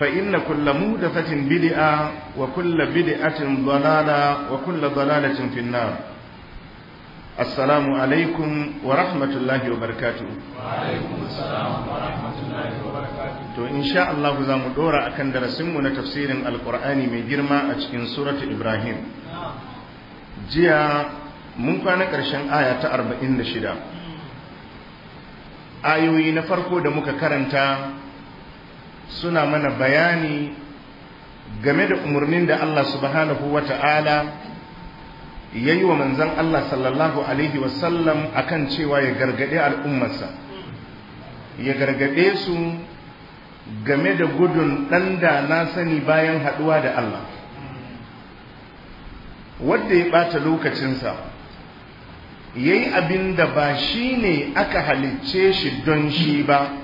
فإن كل مودفة بدعة وكل بدعة ضلالة وكل ضلالة في النار السلام عليكم ورحمة الله وبركاته وعليكم السلام ورحمة الله وبركاته تو إن شاء الله زام دورا أكن درسمنا تفسير القرآن من جرما أشكين سورة إبراهيم جيا mun kwana ƙarshen aya ta 46 ayoyi na farko da muka karanta suna mana bayani game da umarnin da Allah subhanahu wa ta'ala ya yi wa manzan Allah sallallahu Alaihi wasallam a kan cewa ya gargaɗe al'ummarsa ya gargaɗe su game da gudun ɗan da na sani bayan haɗuwa da Allah wadda ya ɓata lokacinsa ya yi abin da ba shi ne aka halicce shi don shi ba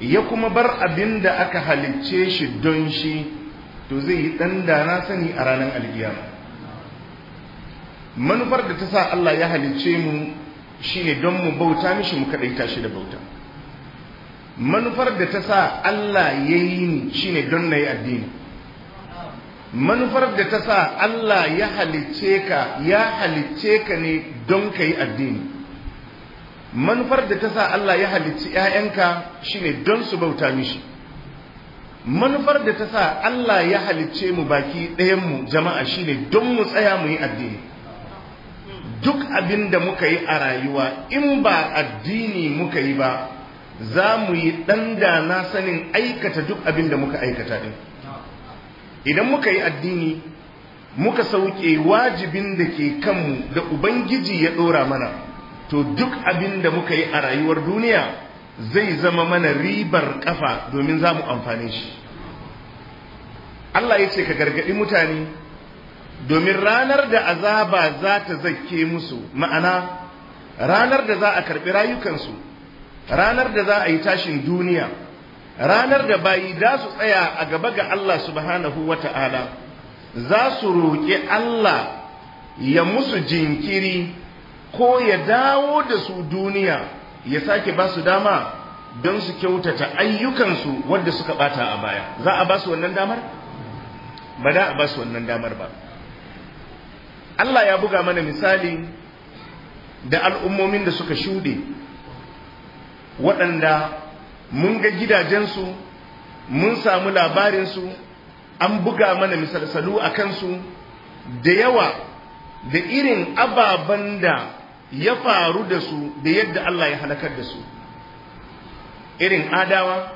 ya kuma bar abin da aka halicce shi don shi to zai yi ɗan da na sani a ranar alkiyama manufar da ta sa Allah ya halicce mu shi ne don mu bauta mishi mu kaɗaita shi da bauta manufar da ta sa Allah ya yi ni shi ne don na yi addini manufar da ta sa Allah ya halicce ka ya halicce ka ne don ka yi addini manufar da ta sa Allah ya halicci 'ya'yanka shi ne don su bauta mishi manufar da ta sa Allah ya halicce mu baki ɗayanmu jama'a shi ne don mu tsaya mu yi addini duk abin da muka yi a rayuwa in ba addini muka yi ba za mu yi ɗanda na sanin aikata duk abin da muka aikata ɗin idan muka yi addini muka sauke wajibin da ke kanmu da ubangiji ya ɗora mana to duk abin da muka yi a rayuwar duniya zai zama mana ribar kafa domin za mu amfane shi Allah ya ce ka gargaɗi mutane domin ranar da azaba za ta zake musu ma'ana ranar da za a karɓi rayukansu ranar da za a yi tashin duniya ranar da bayi za su tsaya a gaba ga Allah subhanahu wa ta'ala za su roƙi Allah ya musu jinkiri ko ya dawo da su duniya ya sake ba su dama don su kyautata ayyukansu wadda suka bata a baya za a ba su wannan damar ba da a ba su wannan damar ba Allah ya buga mana misali da al'ummomin da suka shuɗe waɗanda mun ga gidajensu mun samu labarinsu an buga mana misalsalu a kansu da yawa da irin ababen da ya faru da su da yadda Allah ya halakar da su irin adawa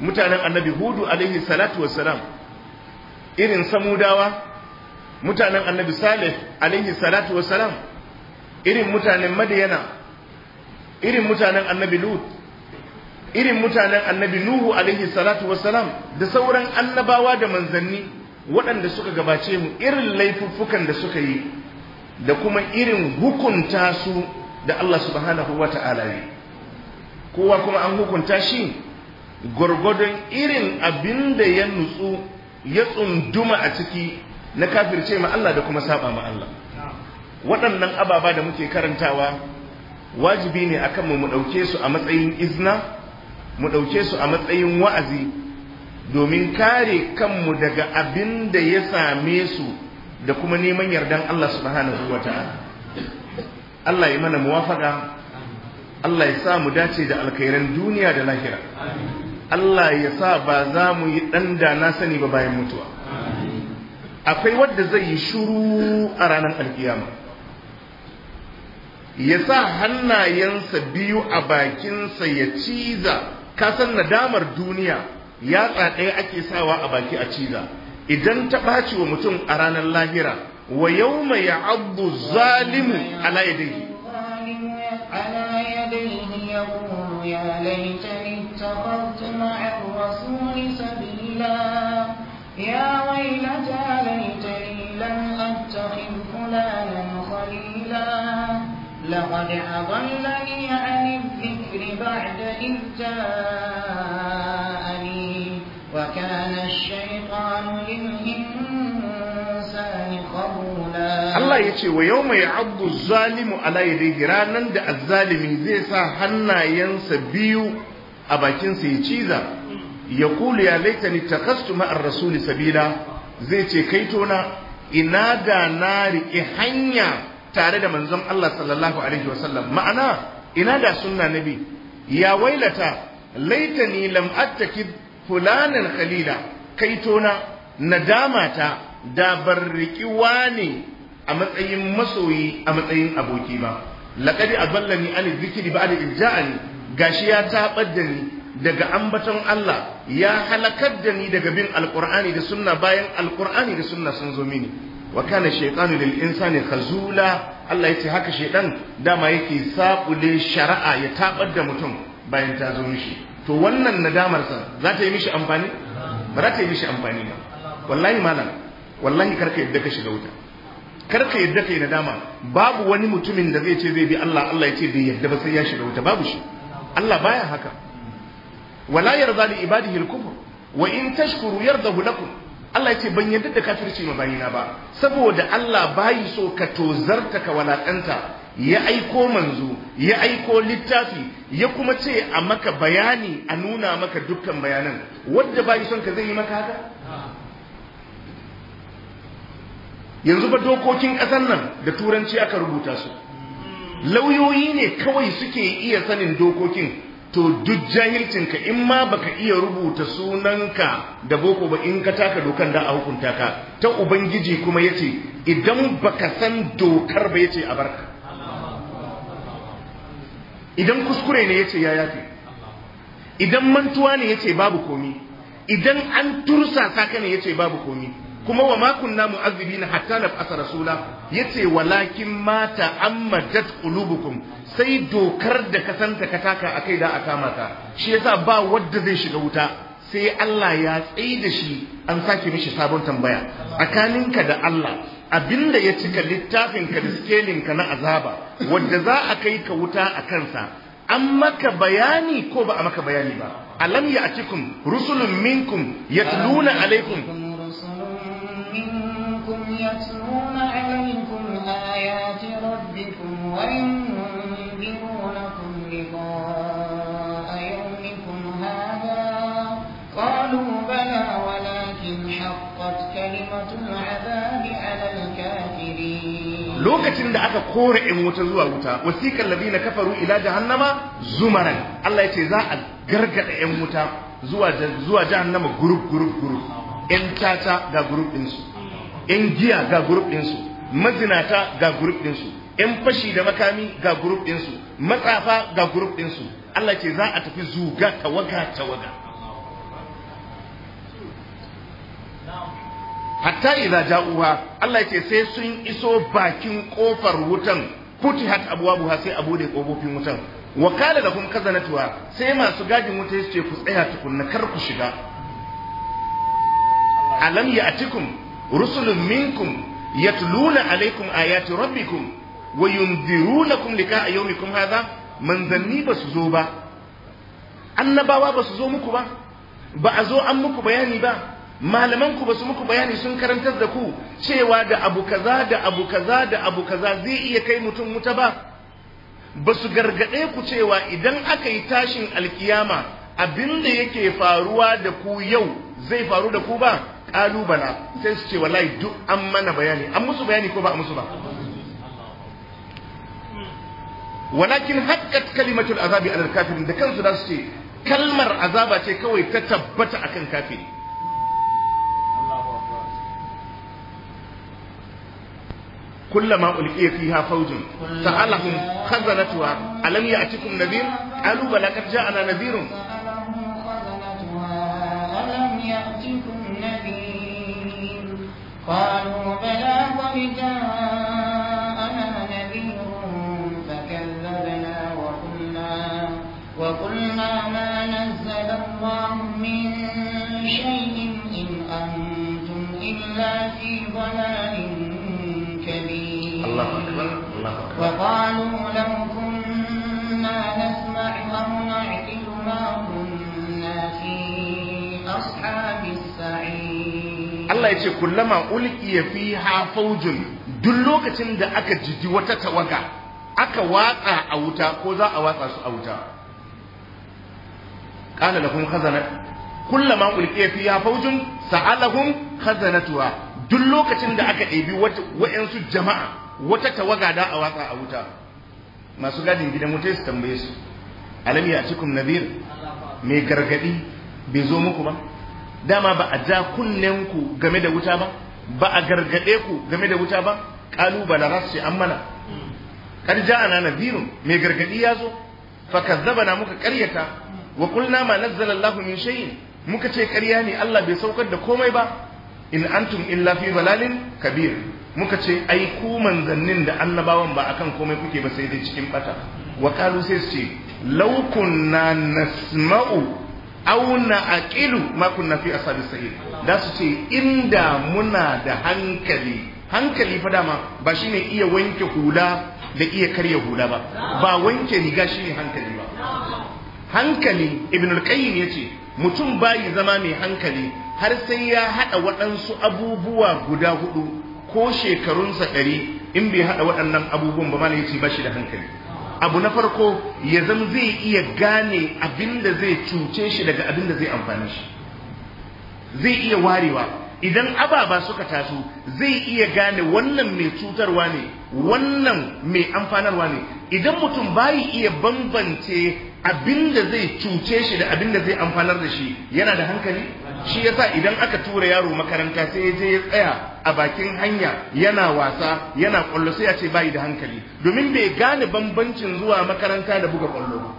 mutanen annabi hudu alaihi salatu wassalam irin samudawa mutanen annabi salih alaihi salatu wassalam irin mutanen madiyana irin mutanen annabi lut irin mutanen annabi nuhu alaihi salatu wassalam da sauran annabawa da manzanni waɗanda suka gabace mu irin laifuffukan da suka yi da kuma irin hukunta su da Allah subhanahu wa ta'ala yi kowa kuma an hukunta shi gwargwadon irin abin da ya nutsu ya tsunduma a ciki na kafirce ma Allah da kuma saba ma Allah waɗannan ababa da muke karantawa wajibi ne akan mu mu ɗauke su a matsayin izna mu ɗauke su a matsayin wa'azi domin kare kanmu daga abin da ya same su da kuma neman yardan Allah subhanahu wa ta'ala Allah ya mana muwafaka Allah ya sa mu dace da alkhairan duniya da lahira Allah ya sa ba za mu yi ɗan da na sani ba bayan mutuwa akwai wadda zai yi shuru a ranar alkiyama ya sa hannayensa biyu a bakinsa ya ciza kasan nadamar duniya ya ɗaya ake sawa a baki a ciza idan ta ɓaci wa mutum a ranar lahira wa yau mai abu zalimu ala yadayhi يا ليتني اتخذت مع الرسول سبيلا يا ويلتى ليتني لم اتخذ فلانا خليلا لقد اضلني عن الذكر بعد اذ جاءني Allah ya ce wa yau mai abu zalimu alayyadi ranar da azalimi zai sa hannayensa biyu a bakinsa ya ciza ya kulu ya laita ni takastu ma'ar rasuli sabila zai ce kai tona ina da na riƙe hanya tare da manzon Allah sallallahu alaihi wasallam ma'ana ina da sunna nabi ya wailata laita ni lam attaki fulanin khalila kaitona nadamata da barriki wane a matsayin masoyi a matsayin aboki ba laqad adallani an ba ba'da ijja'ani gashi ya tabar da ni daga ambaton Allah ya halakar da ni daga bin Alƙur'ani da sunna bayan Alƙur'ani da sunna sun zo mini wa kana shaytanu lil insani khazula Allah yace haka da dama yake sabule shari'a ya tabar da mutum bayan ta zo mishi to wannan nadamar sa za ta yi mishi amfani ba za ta yi mishi amfani ba wallahi malam wallahi karka yadda ka shiga wuta karka yadda ka yi nadama babu wani mutumin da zai ce zai bi Allah Allah ya ce bai yadda ba sai ya shiga wuta babu shi Allah baya haka wala yarda li ibadihi al-kufr wa in tashkuru yardahu lakum Allah ya ce ban yadda da kafirci ma bayina ba saboda Allah bayi so ka tozarta ka walakanta ya aiko manzo ya aiko littafi ya kuma ce a maka bayani a nuna maka dukkan bayanan wadda bai son ka zai yi maka haka yanzu ba dokokin ƙasar nan da turanci aka rubuta su lauyoyi ne kawai suke iya sanin dokokin to duk ka in ma baka iya rubuta sunan ka da boko ba in ka taka dokan da a hukunta ka ta ubangiji kuma yace idan baka san dokar ba yace a barka idan kuskure ne yace ya yafe idan mantuwa ne yace babu komi idan an tursa saka ne yace babu komi kuma wa makunna na hatta nab'asa rasula yace walakin mata ta'ammadat qulubukum sai dokar da kasanta, santa ka taka akai da aka mata shi yasa ba wanda zai shiga wuta sai Allah ya tsaye da shi an sake mishi sabon tambaya tsakaninka da Allah abinda ya cika littafin da ka na azaba wanda za a kai ka wuta a kansa an maka bayani ko ba a maka bayani ba alam ya atikum rusulun minkum yatluna alaikum lokacin da aka kore in wuta zuwa wuta wasiqal ladina kafaru ila jahannama zumaran Allah yace za a gargada yan wuta zuwa zuwa jahannama group group group yan tata ga group din su yan giya ga group din su mazinata ga group din su yan fashi da makami ga group din su matsafa ga group din su Allah ce za a tafi zuga tawaga tawaga hatta idza ja'uha Allah ce sai sun iso bakin kofar wutan futihat abwabuha sai a bude kofofin wutan wa qala lahum kazanatuha sai masu gadin wuta su ce ku tsaya tukunna kar ku shiga alam ya'tikum rusulun minkum yatluna alaikum ayati rabbikum wa yunzirunakum lika yawmikum hadha manzanni basu zo ba annabawa basu zo muku ba ba a zo an muku bayani ba malaman ku basu muku bayani sun karantar da ku cewa da abu kaza da abu kaza da abu kaza zai iya kai mutum wuta ba basu gargaɗe ku cewa idan aka yi tashin alkiyama abin da yake faruwa da ku yau zai faru da ku ba kalubala sai su ce wallahi duk an mana bayani an musu bayani ko ba a musu ba walakin haqqat kalimatul azabi alal kafirin da kansu da su ce kalmar azaba ce kawai ta tabbata akan kafiri كلما ألقي فيها فوج سألهم خزنتها ألم يأتكم نذير قالوا بلى قد جاءنا نذير ألم يأتكم نذير قالوا بلى قد جاءنا نذير فكذبنا وقلنا وقلنا ما نزل الله من شيء إن أنتم إلا في ضلال كبير الله أكبر الله أكبر وقالوا لو كنا نسمع أو نعقل ما كنا في أصحاب السعير الله كلما ألقي فيها فوج duk lokacin da aka jiji wata tawaga aka watsa a wuta ko za a watsa su a wuta kana lahum khazanat kullama ulqiya fiha fawjun sa'alahum khazanatuha duk lokacin da aka ɗebi wa'yansu jama'a wata tawaga da a watsa a wuta masu gadin gidan wuta su tambaye su alam ya cikin Nazir mai gargadi bai zo muku ba dama ba a ja kunnen ku game da wuta ba ba a gargade ku game da wuta ba qalu an rasi ammana ja ana nadhirun mai gargaɗi ya zo na muka karyata wa qulna ma min shay'in muka ce karya ne Allah bai saukar da komai ba in antum illa fi balalin kabir muka ce ai ku manzannin da annabawan ba akan komai kuke ba sai dai cikin bata wa qalu sai su ce law kunna nasma'u aw na'qilu ma kunna fi ashabis sahih da su ce inda muna da hankali hankali fa dama ba shine iya wanke hula da iya karya hula ba ba wanke riga shine hankali ba hankali ibn qayyim yace mutum bayi zama mai hankali har sai ya haɗa waɗansu abubuwa guda hudu ko shekarunsa ɗari in bai haɗa waɗannan abubuwan ba mana yace ba shi da hankali abu na farko ya zama zai iya gane abin da zai cuce shi daga abin da zai amfani shi zai iya warewa idan ababa suka taso zai iya gane wannan mai cutarwa ne wannan mai amfanarwa ne idan mutum bayi iya bambance Abin da zai cuce shi da abinda zai amfanar da shi yana da hankali shi yasa idan aka tura yaro makaranta sai ya je ya tsaya a bakin hanya yana wasa yana kwallo sai ya ce bayi da hankali domin bai gane bambancin zuwa makaranta da buga kwallo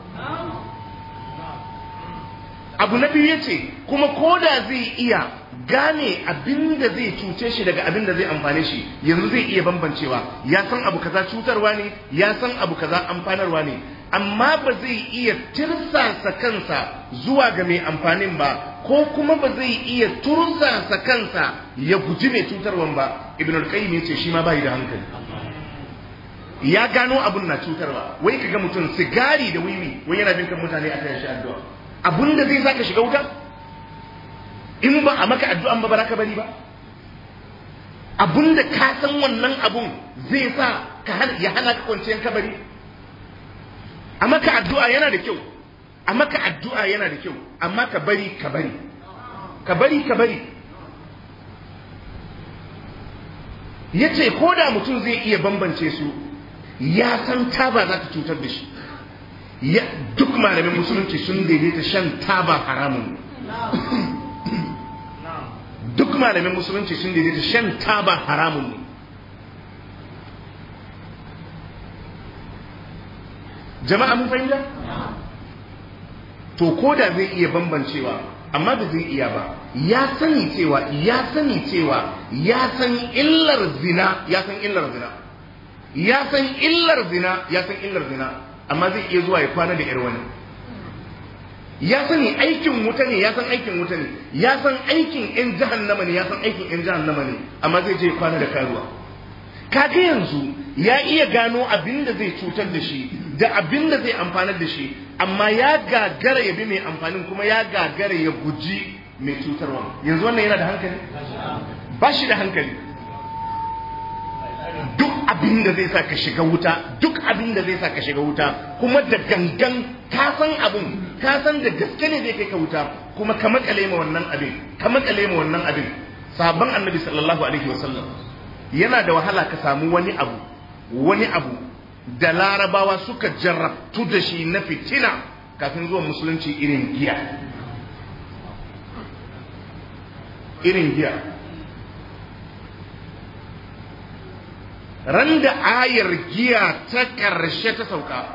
abu na biyu yace kuma koda zai iya gane abin da zai cuce shi daga abin da zai amfane shi yanzu zai iya bambancewa ya san abu kaza cutarwa ne ya san abu kaza amfanarwa ne amma ba zai iya tirsasa kansa zuwa ga mai amfanin ba ko kuma ba zai iya tursasa kansa ya guji mai cutarwan ba ibn al-qayyim yace shi ma bai da hankali ya gano abun na cutarwa wai kaga mutum sigari da wiwi wai yana bin kan mutane kan shi addu'a abun da zai saka shiga wuta in ba a maka addu'an ba baraka bari ba abun da ka san wannan abun zai sa ka ya hana ka kwanciyar kabari amma ka addu'a yana da kyau amma ka addu'a yana da kyau amma ka bari ka bari ka bari ka bari yace ko da mutum zai iya bambance su ya san taba za ta cutar da shi ya duk malamin musulunci sun daidaita shan taba haramun duk malamin musulunci sun daidaita shan taba haramun ne jama'a mun fahimta to ko da zai iya bambancewa amma da zai iya ba ya sani cewa ya sani cewa ya san illar zina ya san illar zina ya san illar zina ya san illar zina amma zai iya zuwa ya kwana da 'yar wani ya sani aikin wuta ne ya san aikin wuta ne ya san aikin yan jahannama ne ya san aikin yan jahannama ne amma zai je kwana da karuwa kaga yanzu ya iya gano abin da zai cutar da shi da abin da zai amfanar da shi amma ya gagara ya bi mai amfanin kuma ya gagara ya guji mai cutarwa yanzu wannan yana da hankali ba shi da hankali duk abin da zai sa ka shiga wuta duk abin da zai sa ka shiga wuta kuma da gangan ka san abin ka san da gaske ne zai kai ka wuta kuma ka makale ma wannan abin ka makale ma wannan abin sahabban annabi sallallahu alaihi wasallam yana da wahala ka samu wani abu wani abu da larabawa suka jarrabtu da shi na fitina kafin zuwa musulunci irin giya irin giya ran da ayar giya ta ƙarshe ta sauka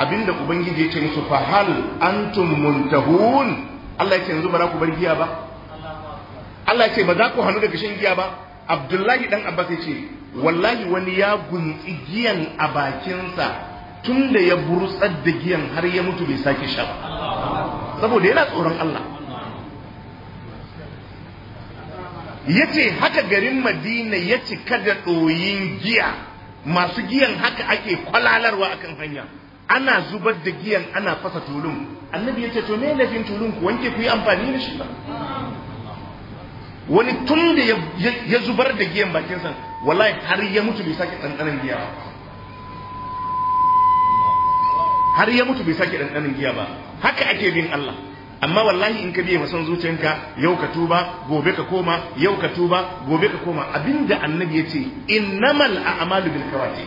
abinda ubangiji ya ce musu fahal antum muntahun Allah ya ce yanzu ba za ku bar giya ba Allah ya ce ba za ku hannu da gashin giya ba Abdullahi dan Abbas ya ce wallahi wani ya guntsi giyan a bakinsa tun da ya burtsar da giyan har ya mutu bai sake sha ba saboda yana tsoron Allah ya ce haka garin madina ya cika da ɗoyin giya masu giyan haka ake kwalalarwa akan hanya ana zubar da giyan ana fasa tulun annabi ya ce to me lafin tulun ku wanke ku yi amfani da shi ba wani tun da ya zubar da giyan bakinsa wallahi har ya mutu bai sake ɗanɗanan giya ba har ya mutu bai sake ɗanɗanan giya ba haka ake bin Allah amma wallahi in ka biye masan zuciyanka yau ka tuba gobe ka koma yau ka tuba gobe ka koma abinda annabi ya ce innamal a'malu bil kawati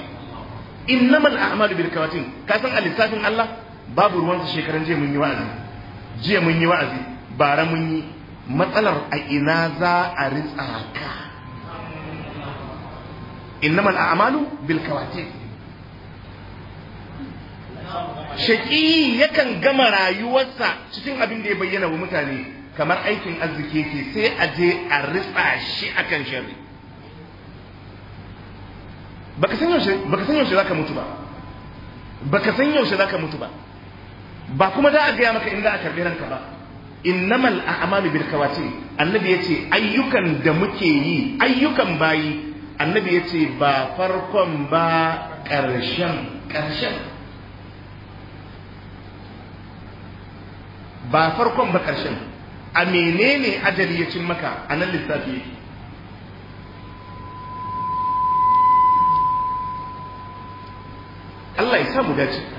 innamal a'malu bil kawati ka san a lissafin Allah babu ruwan shekaran jiya mun yi wa'azi jiya mun yi wa'azi bara mun yi matsalar a ina za a ritsa ka innamal a'malu bil kawatib shaki yakan gama rayuwarsa cikin abin da ya bayyana wa mutane kamar aikin arziki yake sai a je a ritsa shi akan sharri baka san yaushe baka san yaushe zaka mutu ba baka san yaushe zaka mutu ba ba kuma da a gaya maka in za a karbi ranka ba innamal a'malu bil kawati annabi yace ayyukan da muke yi ayyukan bayi annabi yace ba farkon ba karshen karshen. ba farkon ba karshen. a menene ajali ya cin maka a nan lissafi Allah ya samu dace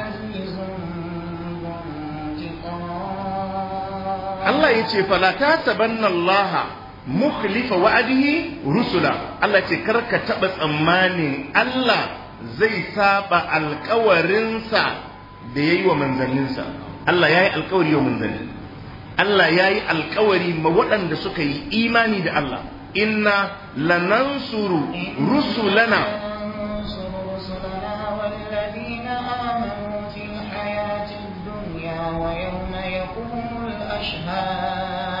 Allah ya ce fala ta sabanna Allah mukhlifa wa'adihi rusula Allah ce ka taba tsammanin Allah zai saba alkawarinsa da yayi wa manzanninsa Allah yayi alkawari wa manzanni Allah yayi alkawari ma waɗanda suka yi imani da Allah inna lanansuru rusulana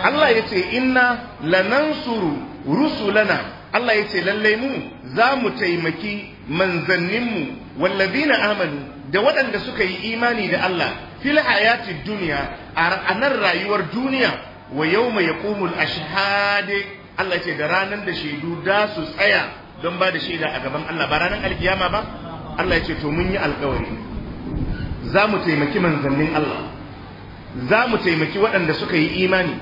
Allah ya ce inna suru rusulana Allah ya ce lallai mu za mu taimaki manzanninmu wallazina amanu da waɗanda suka yi imani da Allah fil hayati duniya a nan rayuwar duniya wa yawma yaqumul ashhad Allah ce da ranar da shaidu da su tsaya don ba da shaida a gaban Allah ba ranar alkiyama ba Allah ya ce to mun yi alkawari za mu taimaki manzannin Allah za mu taimaki waɗanda suka yi imani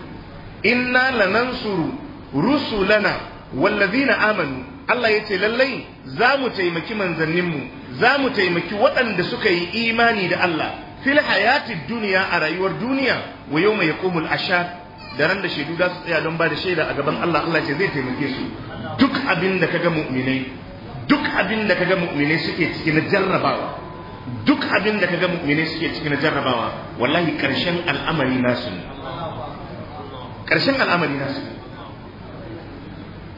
inna lanansuru rusulana wallazina amanu Allah ya ce lallai za mu taimaki manzanninmu za mu taimaki waɗanda suka yi imani da Allah fil hayati duniya a rayuwar duniya wa yau mai yakumul ashad da ran da shaidu za su tsaya don ba da shaida a gaban Allah Allah ce zai taimake su duk abin da kaga mu'minai duk abin da kaga mu'minai suke cikin jarrabawa duk abin da kaga mu'mini suke cikin jarrabawa wallahi karshen al'amari nasu karshen al'amari nasu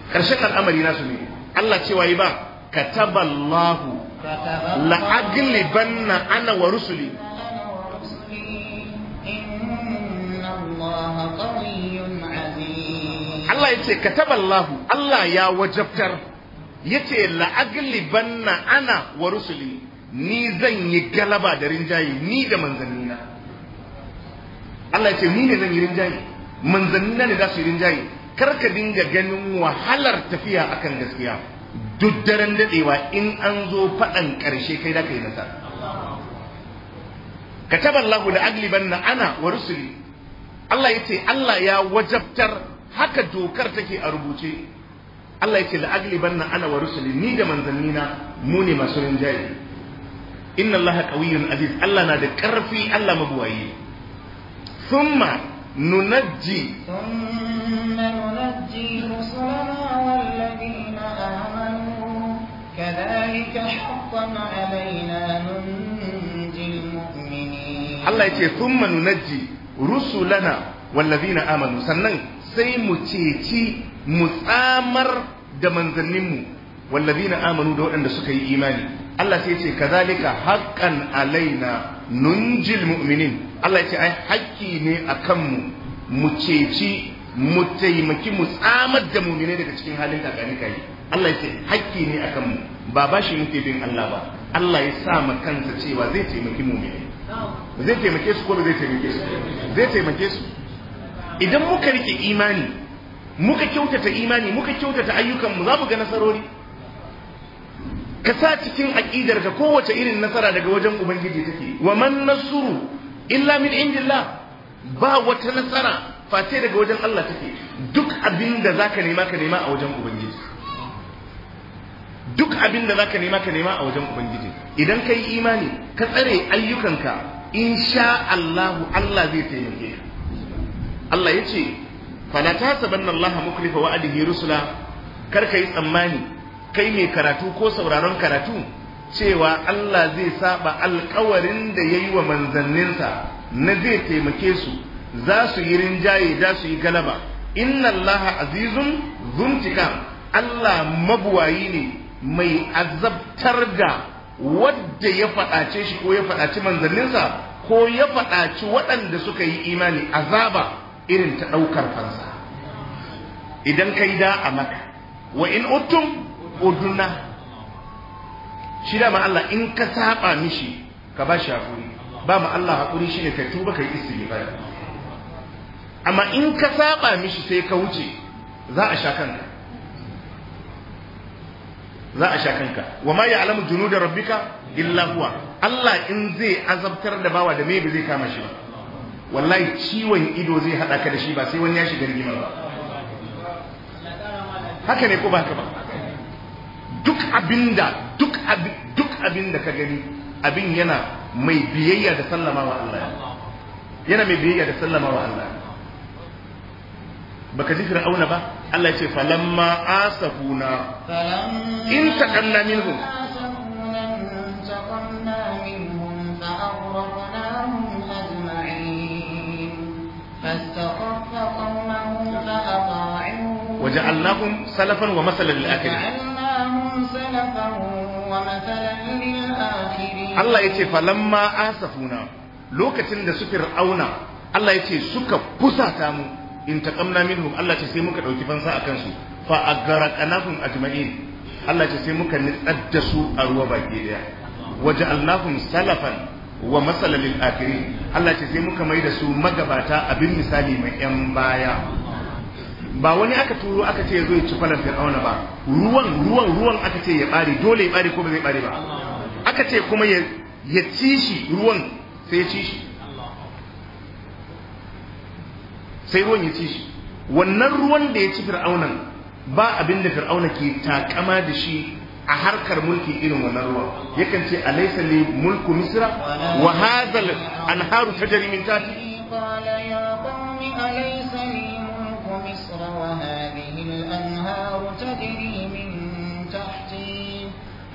karshen al'amari nasu ne Allah cewa yi ba kataballahu la'aglibanna ana wa rusuli Allah ya ce kataballahu Allah ya wajabtar ya ce la'aglibanna ana wa rusuli ni zan yi galaba da rinjaye ni da manzannina Allah ya ce ni ne zan yi rinjaye manzannina ne za su yi rinjaye kar ka dinga ganin wahalar tafiya akan gaskiya duk daren dadewa in an zo faɗan ƙarshe kai da kai nasara kataballahu la aglibanna ana wa rusuli Allah ya ce Allah ya wajabtar haka dokar take a rubuce Allah ya ce la aglibanna ana wa rusuli ni da manzannina mu ne masu rinjaye inna Allah qawiyyun aziz Allah na da ƙarfi Allah mabuwayi thumma nunajji thumma nunajji rusulana walladhina amanu kadhalika haqqan alaina nunjil mu'minin Allah yace thumma nunajji rusulana walladhina amanu sannan sai mu ceci mu tsamar da manzanninmu wallazina amanu da waɗanda suka yi imani Allah sai ce kazalika haƙƙan alaina nunjil mu'minin Allah ce ai haƙƙi ne a mu mu ceci mu taimaki mu tsamar da mu'minai daga cikin halin kakani kai Allah ya ce haƙƙi ne a kanmu. ba bashi muke bin Allah ba Allah ya sa ma kansa cewa zai taimaki mu'minai zai taimake su ko zai taimake su zai taimake su idan muka rike imani muka kyautata imani muka kyautata ayyukan mu za mu ga nasarori ka sa cikin aqidar ka kowace irin nasara daga wajen ubangiji take wa man nasru illa min indillah ba wata nasara face daga wajen Allah take duk abin da zaka nema ka nema a wajen ubangiji duk abin da zaka nema ka nema a wajen ubangiji idan ka yi imani ka tsare ayyukanka insha Allah Allah zai taimake ka Allah yace fala tasabanna Allah muklifa wa'adihi rusula kar ka yi tsammani kai mai karatu ko sauraron karatu cewa Allah zai saba alkawarin da ya yi wa manzanninsa na zai taimake su za su yi rinjaye za su yi galaba inna Allah azizun zuntika Allah mabuwayi ne mai azabtar da wadda ya faɗace shi ko ya faɗaci manzanninsa ko ya faɗaci waɗanda suka yi imani azaba irin ta ɗaukar fansa idan kai da a maka wa in uttum Oduna shi da ma Allah in ka saba mishi ka ba shi hakuri ba ma Allah hakuri shi ne ka tuba ka yi istighfar amma in ka saba mishi sai ka wuce za a sha kanka za a sha kanka wa ma ya'lamu junuda rabbika illa huwa Allah in zai azabtar da bawa da me ba zai kama shi ba wallahi ciwon ido zai hada ka da shi ba sai wani ya shiga rigima ba haka ne ko ba haka ba duk abinda duk abin duk abinda ka gani abin yana mai biyayya da sallama wa Allah yana mai biyayya da sallama wa Allah baka ji fir'auna ba Allah ya ce falamma asafuna in taqanna minhum وجعلناهم سلفا ومثلا للآخرين Allah ya ce falamma asafuna lokacin da suka rauna Allah ya ce suka fusata mu in taqamna minhum Allah ce sai muka ɗauki fansa a kansu, fa agaraqanahum ajma'in Allah ce sai muka nitsar da su a ruwa baki daya waja'alnahum salafan wa masalan lil akhirin Allah ce sai muka mai da su magabata abin misali mai yan baya ba wani aka turo aka ce ya zo ya ci kwalar fir'auna ba ruwan ruwan ruwan aka ce ya bare dole ya bare ko ba zai bare ba aka ce kuma ya ci shi ruwan sai ya ci shi sai ruwan ya ci shi wannan ruwan da ya ci fir'aunan ba abin da fir'auna ke takama da shi a harkar mulki irin wannan ruwan yakan ce alaysa li mulku misra wa hadha al anharu tajri min tati تجري من تحتي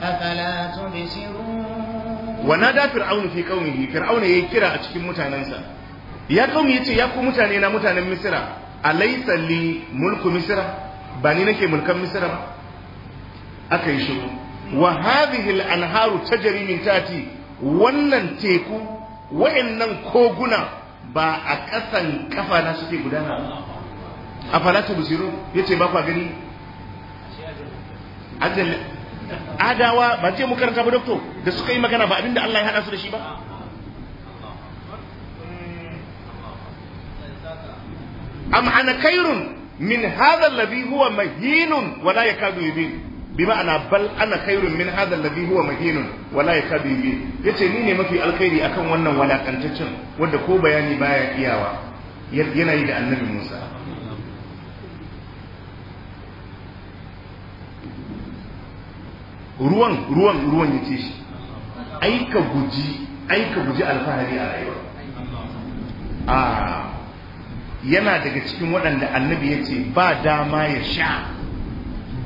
أفلا تبصرون ونادى فرعون في قومه فرعون يكرا أتكم متاننسا يا قوم يتي يا قوم متانينا متانا مصر أليس لي ملك مصر بني نكي ملك مصر أكي شو وهذه الأنهار تجري من تاتي wannan teku wa'annan koguna ba a ƙasan kafa na suke gudana a falata busiru ya ce ba gani azal adawa ba ce mu karanta ba doctor da suka yi magana ba abinda Allah ya hada su da shi ba am ana khairun min hadha alladhi huwa mahinun wa la yakadu yubin bima'ana bal ana khairun min hadha alladhi huwa mahinun wa la yakadu yubin yace ni ne mafi alkhairi akan wannan walakantaccen wanda ko bayani baya iyawa yana yi da annabi Musa ruwan ruwan ruwan ya ce shi aika guji aika guji alfahari a rayuwa a yana daga cikin waɗanda annabi ya ce ba dama ya sha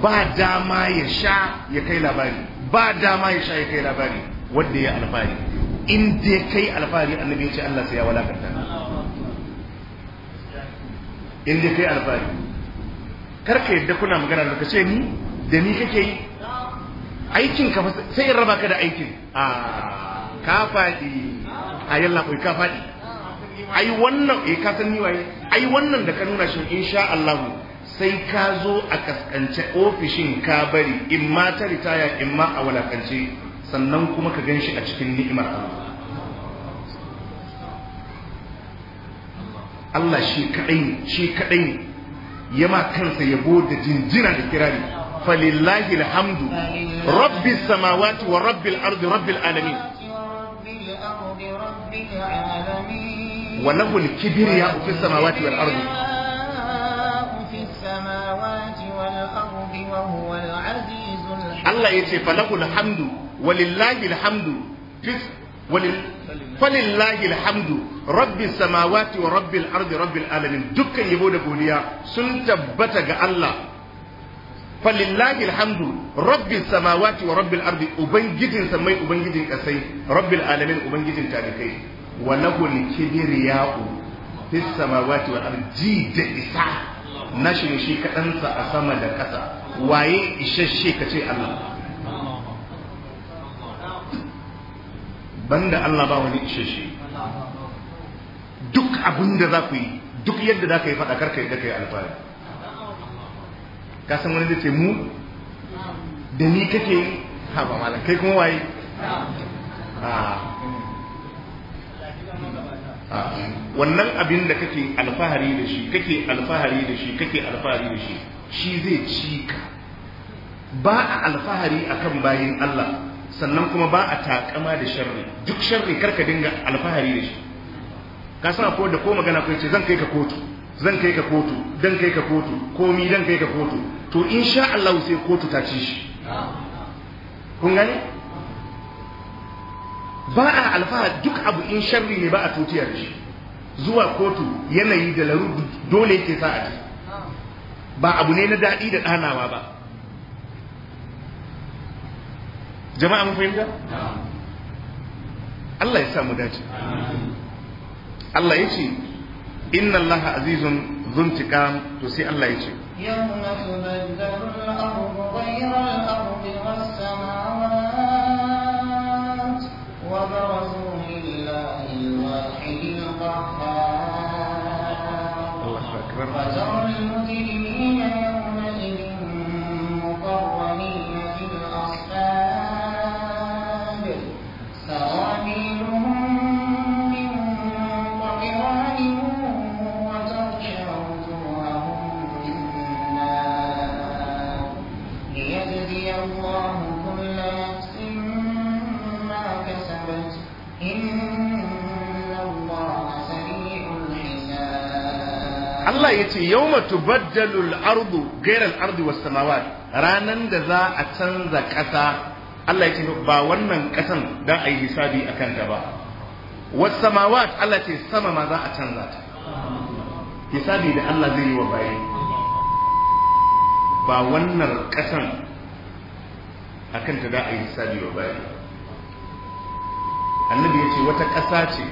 ba dama ya sha ya kai labari ba dama ya sha ya kai labari wanda ya alfahari in dai kai alfahari annabi ya ce Allah sai ya walakanta in dai kai alfahari karka yadda kuna magana da ka ce ni da ni kake yi aikin ka sai in raba ka da aikin a ah, ka faɗi a ah, yalla kai ka faɗi ai wannan eh ka san ni waye ai wannan da ka nuna shi insha Allah sai ka zo a kaskance ofishin ka bari in ma ta ritaya in ma a walakance sannan kuma ka ganshi a cikin ni'imar Allah Allah shi kaɗai ne shi kaɗai ne yama kansa yabo da jinjina da kirari فلله الحمد رب السماوات ورب الأرض رب العالمين وله الكبرياء في السماوات والأرض Allah ya ce falahul hamdu walillahi alhamdu falillahi alhamdu rabbis samawati wa rabbil ardi rabbil alamin dukkan yabo da godiya sun tabbata ga Allah falillahi alhamdu rabbil samawati wa rabbil ardi ubangijin samai ubangijin kasai rabbil alamin ubangijin talikai wa lahul kibriya'u fis samawati wal ardi da isa nashin shi kadansa a sama da kasa waye isasshe kace Allah banda Allah ba wani isasshe duk abinda za ku yi duk yadda za ka yi faɗa karka yadda ka yi alfahari ka san wani zai ce mu da ni kake ha ba malam kai kuma waye ah. Ah. wannan abin da kake alfahari da shi kake alfahari da shi kake alfahari da shi shi zai ci ka ba a alfahari akan bayin Allah sannan kuma ba a takama da sharri duk sharri karka dinga alfahari da shi ka san ko da ko magana ko ce zan kai ka kotu zan kai ka kotu dan kai ka kotu komi dan kai ka kotu to insha Allah sai kotu ta ci shi kun gani ba a alfaha duk abu in sharri ne ba a tutiya shi zuwa kotu yanayi da laru dole ke sa a ci ba abu ne na daɗi da ɗanawa ba jama'a mun fahimta Allah ya sa mu dace Allah ya ce inna Allah azizun zuntiqam to sai Allah ya ce يوم تبدل الأرض غير الأرض والسماوات وبرزوا لله الواحد القهار فترى المجرمين Allah ya ce yau matu baddalul ardu gairar ardu wasu samawat ranan da za a canza ƙasa Allah ya ce ba wannan ƙasan don a yi hisabi a kanta ba wasu samawat Allah ce sama ma za a canza ta hisabi da Allah zai yi wa baye ba wannan ƙasan a kanta za a yi hisabi wa baye annabi ya ce wata ƙasa ce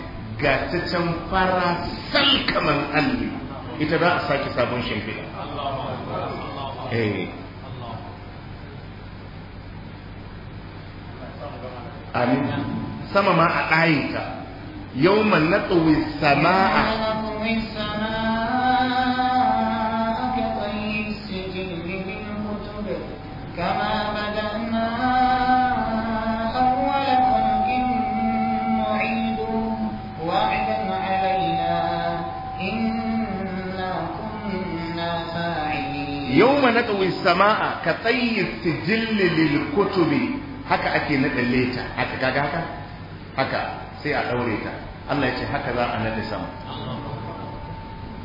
ga ta can fara sal kamar alli ita za a sake sabon shimfiɗa eh. amin sama ma a ɗayinta yau man na sama'a yawma naqwi samaa ka tayyi sijilli lil kutubi haka ake nada leta haka kaga haka haka sai a ɗaure ta Allah ya ce haka za a nada sama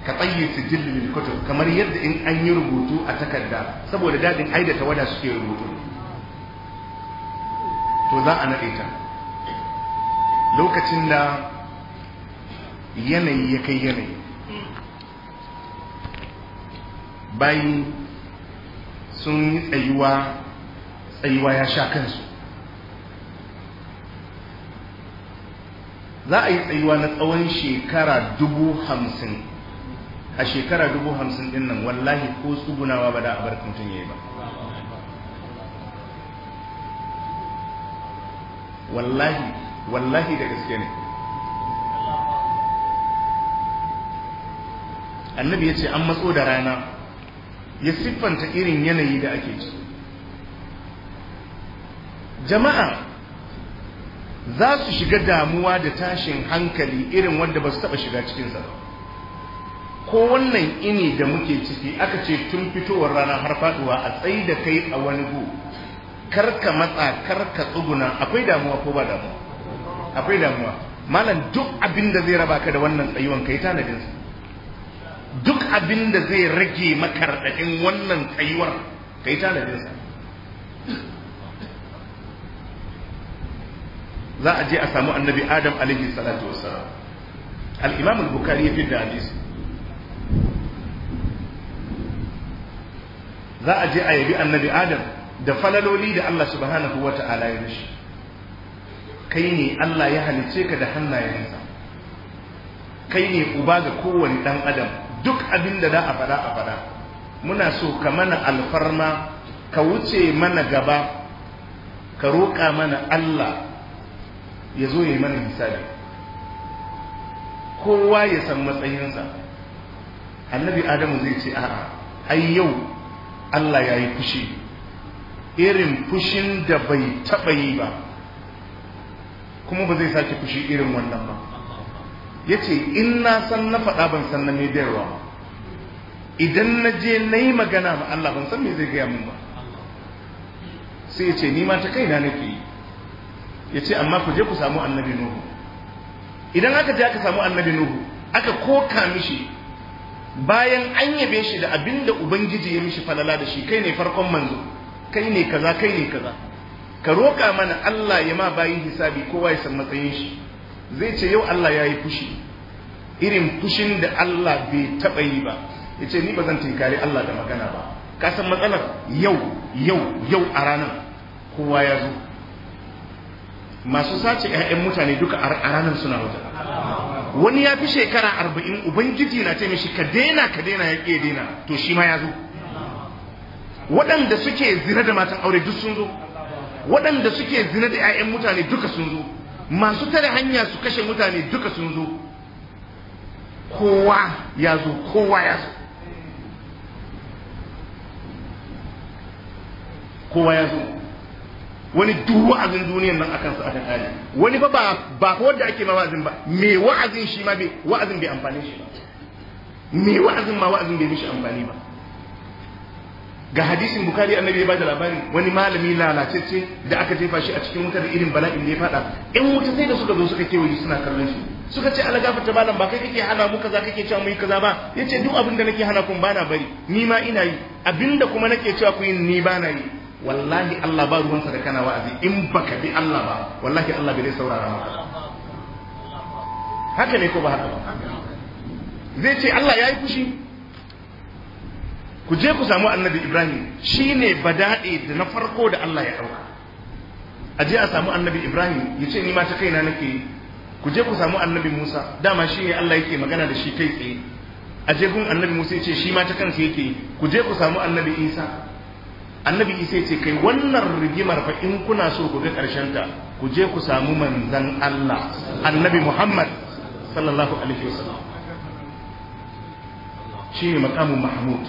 ka tsaye su jillin kamar yadda in an yi rubutu a takarda saboda daɗin aida ta wada suke rubutu to za a naɗe ta lokacin da yanayi ya kai yanayi bayi sun yi tsayuwa tsayuwa ya sha kansu za a yi tsayuwa na tsawon shekara dubu hamsin a shekara dubu hamsin din nan wallahi ko tsugunawa ba da a bar mutum ya yi ba wallahi wallahi da gaske ne annabi ya ce an matso da rana ya siffanta irin yanayi da ake ci. jama'a za su shiga damuwa da tashin hankali irin wanda ba su taba shiga cikinsa ko wannan ini da muke ciki aka ce tun fitowar rana har faduwa a tsayi da kai a wani gu karka matsa karka tsuguna akwai damuwa ko ba damuwa akwai damuwa malam duk abin da zai raba ka da wannan tsayuwan kai tanadinsa duk abin da zai rage maka wannan tsayuwar ka yi tanadin sa za a je a samu annabi adam alaihi salatu wassalam al Bukari ya fi da hadisi za a je a yabi annabi adam da falaloli da Allah subhanahu wa ta'ala ya mishi kai ne Allah ya halice ka da hannayensa kai ne uba ga kowane dan adam duk abin da za a faɗa a faɗa muna so ka mana alfarma ka wuce mana gaba ka roƙa mana Allah ya zo ya yi mana misali kowa ya san matsayinsa annabi adamu zai ce a'a ai yau Allah ya yi fushi irin fushin da bai taɓa yi ba kuma ba zai sake fushi irin wannan ba ya ce in na san na faɗa ban san na mai bayarwa idan na je na yi magana ma Allah ban san me zai gaya min ba sai ya ce ni ma ta kaina nake yi ya ce amma ku je ku samu annabi nuhu idan aka je aka samu annabi nuhu aka koka mishi bayan an yabe shi da abin da ubangiji ya mishi falala da shi kai ne farkon manzo kai ne kaza kai ne kaza ka roƙa mana Allah ya ma bayin hisabi kowa ya san matsayin shi zai ce yau Allah ya yi fushi irin fushin da Allah bai taɓa yi ba ya ce ni ba zan tinkari Allah da magana ba ka san matsalar yau yau yau a ranar kowa ya zo masu sace 'ya'yan mutane duka a ranar suna wata wani ya fi shekara arba'in ubangiji na ce mishi ka daina ka daina ya daina to shi ma ya zo waɗanda suke zina da matan aure duk sun zo waɗanda suke zina da 'ya'yan mutane duka sun zo masu tare hanya su kashe mutane duka sun zo kowa ya zo kowa ya zo kowa ya zo wani duk wa'azin duniyan nan akan a kan kare wani ba ba ko wanda ake ma wa'azin ba me wa'azin shi ma bai wa'azin bai amfane shi ba me wa'azin ma wa'azin bai mishi amfani ba ga hadisin bukari annabi ya bada labarin wani malami ce da aka jefa shi a cikin wuta da irin bala'in da ya fada in wuta sai da suka zo suka waje suna kallon shi suka ce ala gafarta malam ba kai kake hana mu kaza kake cewa mu yi kaza ba yace duk abin da nake hana kun ba na bari ni ma ina yi abinda kuma nake cewa ku yi ni ba na yi wallahi Allah ba ruwansa da kana wa'azi in baka bi Allah ba wallahi Allah bai saurara maka haka ne ko ba haka ba zai ce Allah ya yi fushi ku je ku samu annabi ibrahim shi shine badaɗe da na farko da allah ya ɗauka a je a samu annabi ibrahim ya ce ni ta kaina nake ku je ku samu annabi musa dama shi ne allah yake magana da shi kai tsaye a je gun annabi musa ya ce shi ma ta kansa yake yi ku je ku samu annabi isa annabi isa ya ce kai wannan rigimar fa in kuna so ku ga ƙarshen ta ku je ku samu manzan allah annabi muhammad sallallahu alaihi wasallam shine makamun mahmud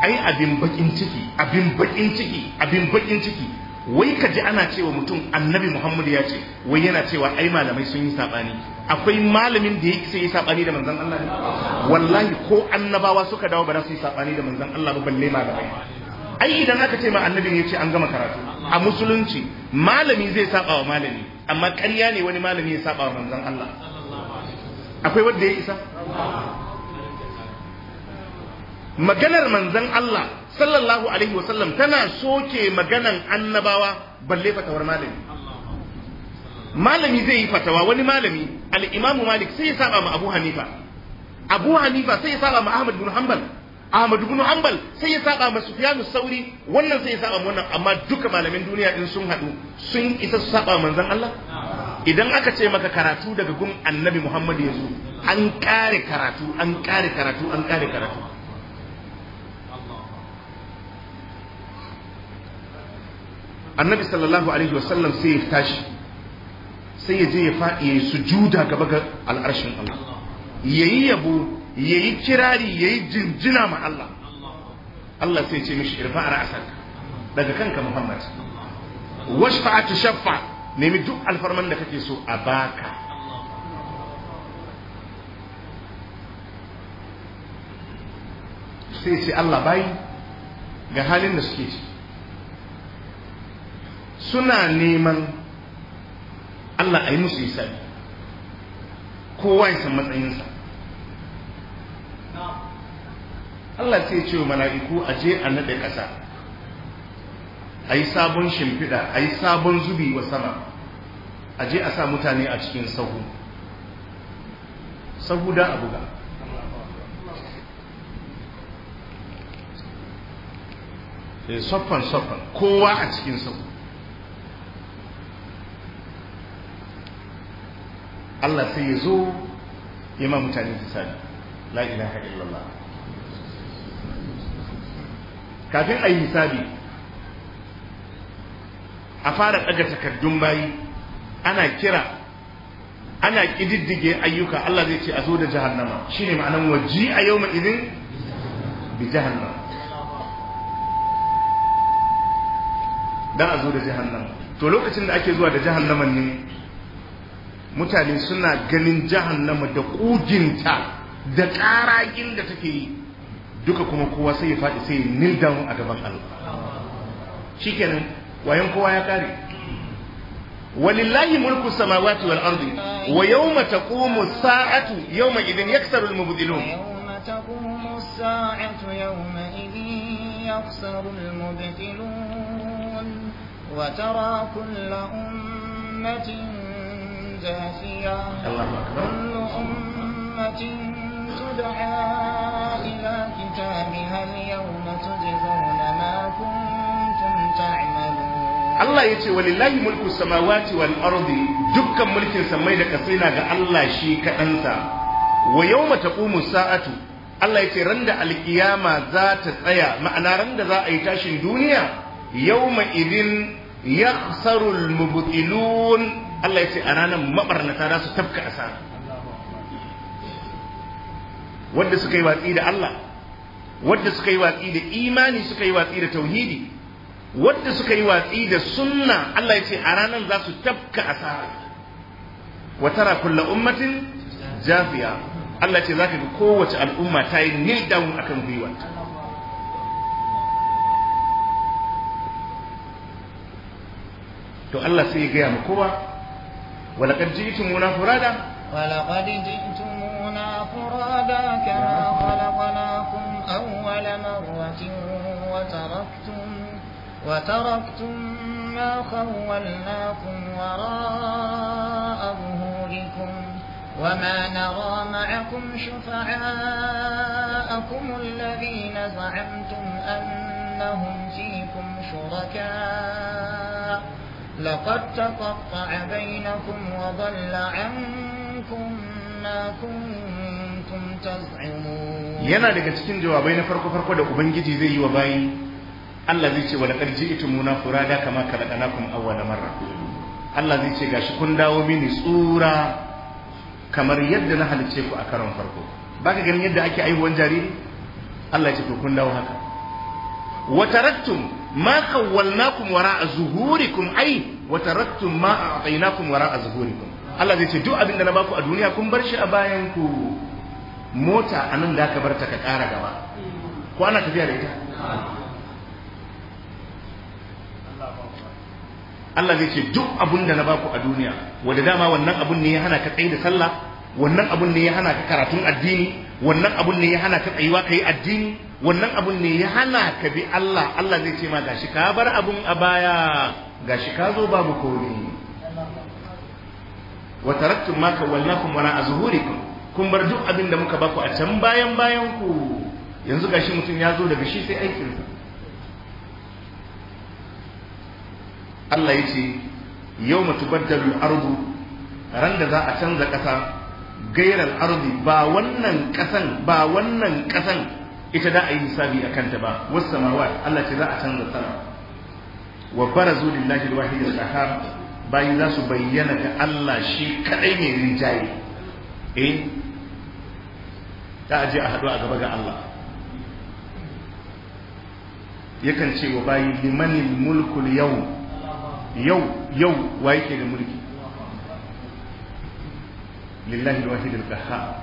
ai abin bakin ciki abin bakin ciki abin bakin ciki wai ka ji ana cewa mutum annabi muhammadu ya ce wai yana cewa ai malamai sun yi sabani akwai malamin da ya sai yi sabani da manzon Allah wallahi ko annabawa suka dawo ba za su yi sabani da manzon Allah ba balle malamai ai idan aka ce ma annabi ne ya ce an gama karatu a musulunci malami zai saba wa malami amma ƙarya ne wani malami ya saba manzon Allah akwai wanda ya isa maganar manzan Allah sallallahu alaihi wasallam tana soke maganan annabawa balle fatawar malami malami zai yi fatawa wani malami al-imamu malik sai ya saba ma abu hanifa abu hanifa sai ya saba ma ahmad bin hanbal Ahmad ibn Hanbal sai ya saba ma Sufyan sauri wannan sai ya saba wannan amma duka malamin duniya din sun hadu sun isa su saba manzon Allah idan aka ce maka karatu daga gun Annabi Muhammad yanzu an kare karatu an kare karatu an kare karatu Annabi sallallahu alaihi wasallam sai ya tashi sai ya je ya faɗi ya sujuda gaba ga al'arshin Allah yayi yabo yayi kirari yayi jinjina ma Allah Allah sai ce mishi irfa ra'asanka daga kanka Muhammad washfa'a tushaffa nemi duk alfarman da kake so a baka sai ce Allah bai ga halin da suke ci suna neman Allah a yi musu isa kowa ya san matsayinsa Allah sai ce wa mala'iku a je a naɗe ƙasa a yi sabon shimfiɗa a yi sabon zubi wa sama a je a sa mutane a cikin sahu sahu da abu ga eh, soffan soffan kowa a cikin sahu Allah sai ya zo ya ma mutane sani la ilaha illallah kafin a yi misali a fara ɗaga takardun bayi ana kira ana ƙididdige ayyuka Allah zai ce a zo da jahannama shi ne ma'anan waji a yau idin bi jahannama don a zo da jahannama to lokacin da ake zuwa da jahannaman ne mutane suna ganin jahannama da ƙuginta da ƙaragin da take yi duka kuma kowa sai ya faɗi sai nil down a gaban Allah shikenan wayan kowa ya kare walillahi mulku samawati wal ardi wa yawma taqumu as-sa'atu yawma idhin yaksaru al-mubtilun yawma taqumu as-sa'atu yawma idhin yaksaru al-mubtilun wa tara kulla ummatin jafiya kullu ummatin ودعا إلى كتابها اليوم تجزون ما كنتم تعملون Allah ya ce walillahi mulku samawati wal ardi dukkan mulkin mai da kasai na ga Allah shi kaɗansa wa yawma taqumu sa'atu Allah ya ce randa alkiyama za ta tsaya ma'ana randa za a yi tashin duniya yawma idin yakhsaru al mubtilun Allah ya ce a ranar mabarnata za su tafka asara wadda suka yi watsi da Allah wanda suka yi watsi da imani suka yi watsi da tauhidi wadda suka yi watsi da sunna Allah ya ce a ranar za su tafka asara wa tara kulla ummatin jafiya Allah ce zaka ga kowace al'umma ta yi nil down akan gwiwa. to Allah sai ya gaya mu kowa ولقد جئتمونا فرادا ولقد جئتم خلقنا ترابا كما خلقناكم أول مرة وتركتم, وتركتم ما خولناكم وراء ظهوركم وما نرى معكم شفعاءكم الذين زعمتم أنهم فيكم شركاء لقد تقطع بينكم وضل عنكم yana daga cikin jawabai na farko farko da ubangiji zai yi wa bayi Allah zai ce wa laqad ji'tumuna furada kama khalaqnakum awwala marra Allah zai ce gashi kun dawo mini tsura kamar yadda na halicce ku a karon farko baka ganin yadda ake aihuwan jariri Allah ya ce to kun dawo haka wa taraktum ma khawwalnakum wara'a zuhurikum ay wa taraktum ma a'tainakum wara'a zuhurikum Allah zai ce duk abin da na baku a duniya kun bar shi a bayan ku mota a nan da ka bar ta ka kara gaba ko ana tafiya da ita Allah zai ce duk abin da na baku a duniya wanda dama wannan abun ne ya hana ka tsaye da sallah wannan abun ne ya hana ka karatun addini wannan abun ne ya hana ka tsayuwa ka addini wannan abun ne ya hana ka bi Allah Allah zai ce ma gashi ka bar abun a baya gashi ka zo babu komai wa taraktum ma kawwalnakum wara azhurikum kun bar duk abin da muka baku a can bayan bayan ku yanzu gashi mutum ya zo daga shi sai aikin sa Allah ya ce yau mutu baddalu ardu ran da za a canza ƙasa gairar ardi ba wannan ƙasan ba wannan ƙasan ita da ayi yi hisabi a kanta ba wasu Allah ce za a canza sama wa barazu lillahi alwahid al bayi za su bayyana ga Allah shi kadai ne rinjaye eh ta aje a haɗu a gaba ga Allah yakan ce wa bayi limanin mulkul yau yau yau wa yake da mulki lillahi alwahid alqahhar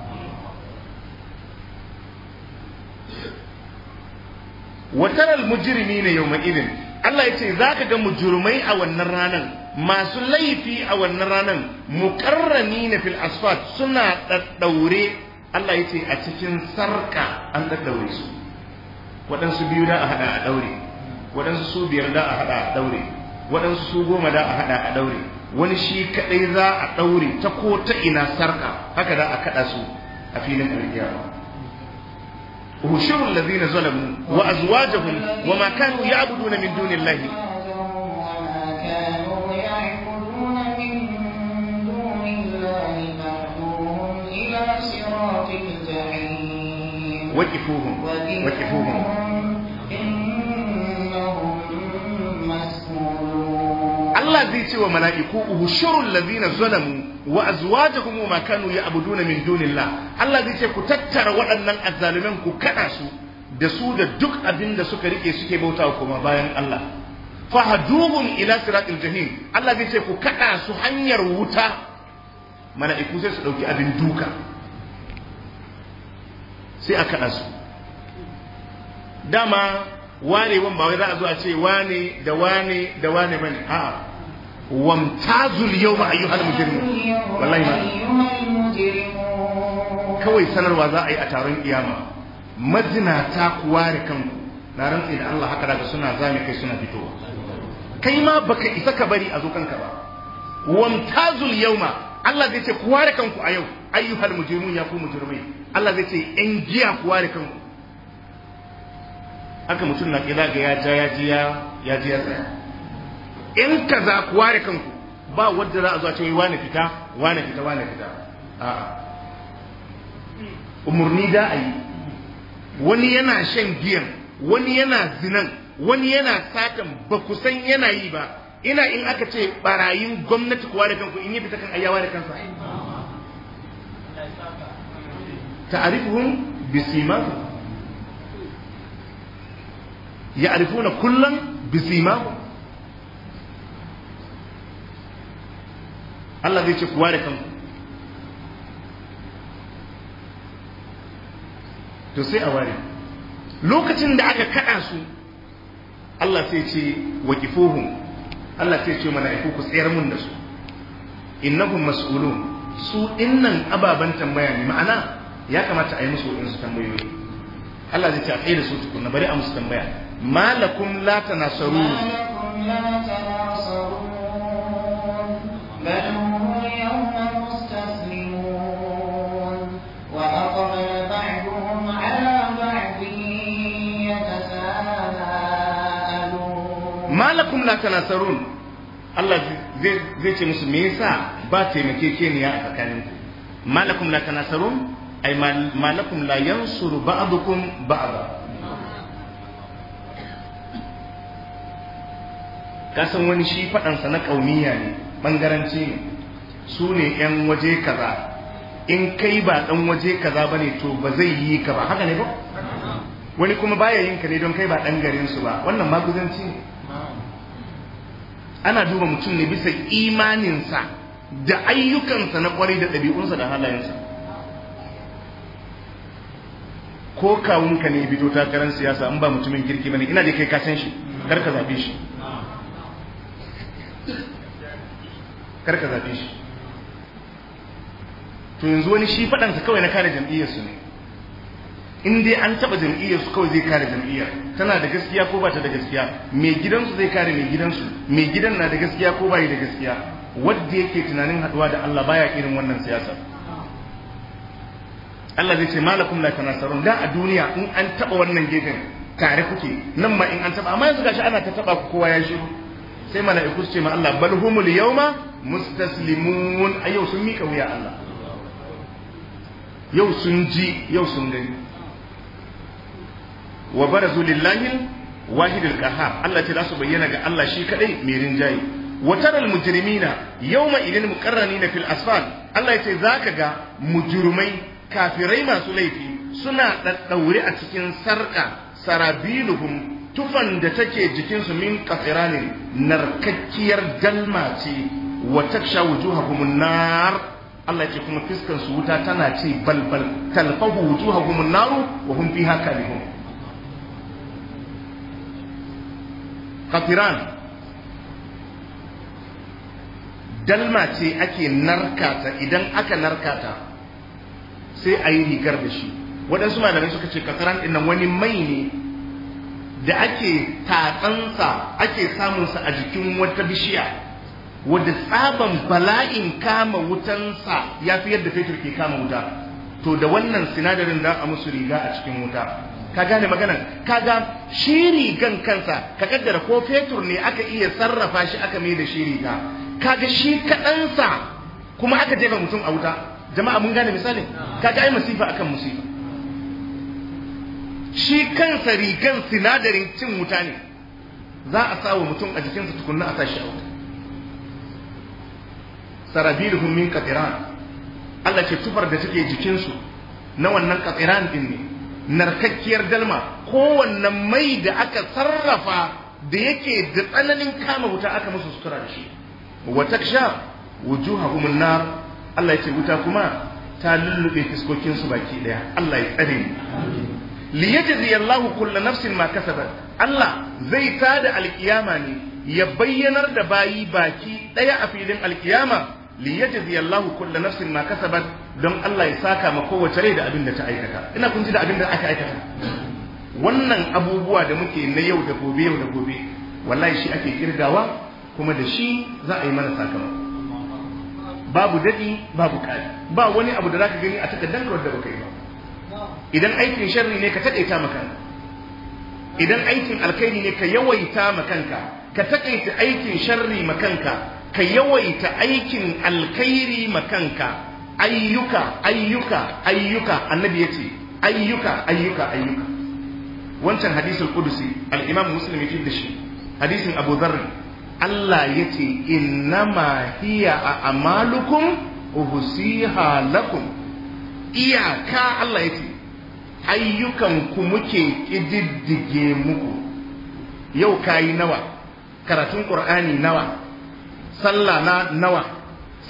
wa tara almujrimina yawma idin Allah yace zaka ga mujrimai a wannan ranar masu laifi a wannan ranan muqarrani na fil asfat suna daddaure Allah ce a cikin sarka an daddaure su waɗansu biyu da a hada a ɗaure. waɗansu su biyar da a hada a ɗaure. waɗansu su goma da a hada a ɗaure. wani shi kaɗai za a ɗaure ta ko ta ina sarka haka da a kada su a filin alkiyama uhushurul ladina zalamu wa azwajuhum wa ma kanu ya'buduna min dunillahi waqifuhum Allah zai ce wa mala'iku uhushurul ladina zalamu wa azwajakum ma kanu ya'buduna min dunillah Allah zai ce ku tattara waɗannan azzaliman ku kada su da su da duk abinda suka rike suke bautawa kuma bayan Allah fahaduhum ila siratil jahim Allah zai ce ku kada su hanyar wuta mala'iku sai su ɗauki abin duka sai a kaɗa su dama wane wani bawai za a zo a ce wane da wane da wane bane a'a wamtazul yawma ayyuhal mujrimun wallahi ma kawai sanarwa za a yi a taron kiyama majinata ku ware kanku na rantsi da Allah haka daga suna zame kai suna fitowa kai ma baka isa ka bari a zo kanka ba wamtazul ma. Allah zai ce ku ware kanku a yau ayyuhal mujrimun ya ku mujrimai Allah zai ce in giya ku ware kanku haka mutum na kila ga ya ja ya ji ya ya ji ya tsaya in za ku ware kanku ba wanda za a zo a ce wai wani fita wani fita wani fita a umurni da ayi wani yana shan giyan wani yana zinan wani yana satan ba ku san yana yi ba ina in aka ce barayin gwamnati kuwa da kanku in yi fita kan ayyawa da kansa ta'arifuhum bisimahum ya'rifuna kullum bisimahum Allah zai ce kuwa da kanku to sai a ware lokacin da aka kada su Allah sai ce waqifuhum Allah sai ce mana ku tsayar mun da su innahum mas'ulun su dinnan ababan tambaya ne ma'ana ya kamata a yi musu su tambayoyi Allah zai ce a tsaye da su tukunna bari a musu tambaya malakum la tanasarun anna tanasarun Allah zai ce musu me yasa ba taimake taimakekeniya a tsakaninku malakum la tanasarun ay malakum la yansuru ba'dukum ba'da kasan wani shi faɗansa na ƙauniya ne bangaranci ne su ne 'yan waje kaza in kai ba ɗan waje kaza ba ne to ba zai yi ka ba haka ne ba wani kuma baya yin ka ne don kai ba ɗan garinsu ba wannan maguzanci ne ana duba mutum ne bisa imaninsa da ayyukansa na kwarai da ɗabi'unsa da halayensa ko kawunka ne bido takarar siyasa an ba mutumin kirki bane ina da kai ka san shi kar ka zabe shi kar ka zabe shi to yanzu wani shi faɗansa kawai na kare jam'iyyarsu ne in dai an taba jam'iyyar su kawai zai kare jam'iyyar tana da gaskiya ko ba ta da gaskiya mai gidansu zai kare mai gidansu mai gidan na da gaskiya ko ba yi da gaskiya wadda yake tunanin haɗuwa da Allah baya irin wannan siyasa Allah zai ce malakum la tanasarun da a duniya in an taba wannan gefen tare kuke nan ma in an taba amma yanzu gashi ana ta taba ku kowa ya shiru sai mala'iku su ce ma Allah bal humul yawma mustaslimun a sun mika wuya Allah yau sun ji yau sun gani wa barazu lillahi wahidul qahar Allah ce za su bayyana ga Allah shi kadai mai rinjaye wa taral mujrimina yawma idin muqarranina fil asfal Allah ya ce zaka ga mujrimai kafirai masu laifi suna daddaure a cikin sarka sarabiluhum tufan da take jikinsu min kasiranin narkakkiyar dalma ce wa taksha wujuhahum nar Allah ce kuma fiskan su wuta tana ce balbal talfahu wujuhahum nar wa hum fiha kalihun kafiran dalma ce ake narkata idan aka narkata sai a yi rigar da shi waɗansu malamai suka ce kafiran ɗin wani mai ne da ake tatsansa ake samunsa a jikin wata bishiya wadda tsaban bala'in kama wutansa ya fi yadda fetur ke kama wuta to da wannan sinadarin za a musu riga a cikin wuta ka gane maganan kaga shi rigan kansa ka kaddara ko fetur ne aka iya sarrafa shi aka mai da shi riga kaga shi kaɗansa kuma aka jefa mutum a wuta jama'a mun gane misali kaga ai masifa akan musifa shi kansa rigan sinadarin cin wuta ne za a sa wa mutum a jikinsa tukunna a sa shi a wuta sarabiluhum min qatiran Allah ce tufar da take jikinsu na wannan qatiran din ne narkakkiyar dalma kowannen mai da aka sarrafa da yake da tsananin kama wuta aka musu sutura da shi Wata sha wuju haƙumin na, Allah ce wuta kuma ta lullube fiskokinsu baki ɗaya, Allah ya tsare ni li Allahu kulla nafsin ma kasabat Allah zai tada alkiyama ne ya bayyanar da bayi baki ɗaya a filin alkiyama li yajzi Allahu kullu nafsin ma kasabat don Allah ya saka ma kowace rai da abin da ta aikata ina kun ji da abin da aka aikata wannan abubuwa da muke na yau da gobe yau da gobe wallahi shi ake kirgawa kuma da shi za a yi mana sakamako babu dadi babu kari ba wani abu da zaka gani a takardar da baka yi ba idan aikin sharri ne ka tadaita maka idan aikin alkhairi ne ka yawaita makanka ka takaita aikin sharri makanka ka yawaita aikin alkhairi makanka ayyuka ayyuka ayyuka annabi yace ayyuka ayyuka ayyuka wancan hadisul qudusi al-imam muslim yake da shi hadisin abu dharr Allah yace innama hiya a amalukum uhsiha lakum iyaka Allah yace ayyukan ku muke kididdige muku yau kayi nawa karatun qur'ani nawa sallah na nawa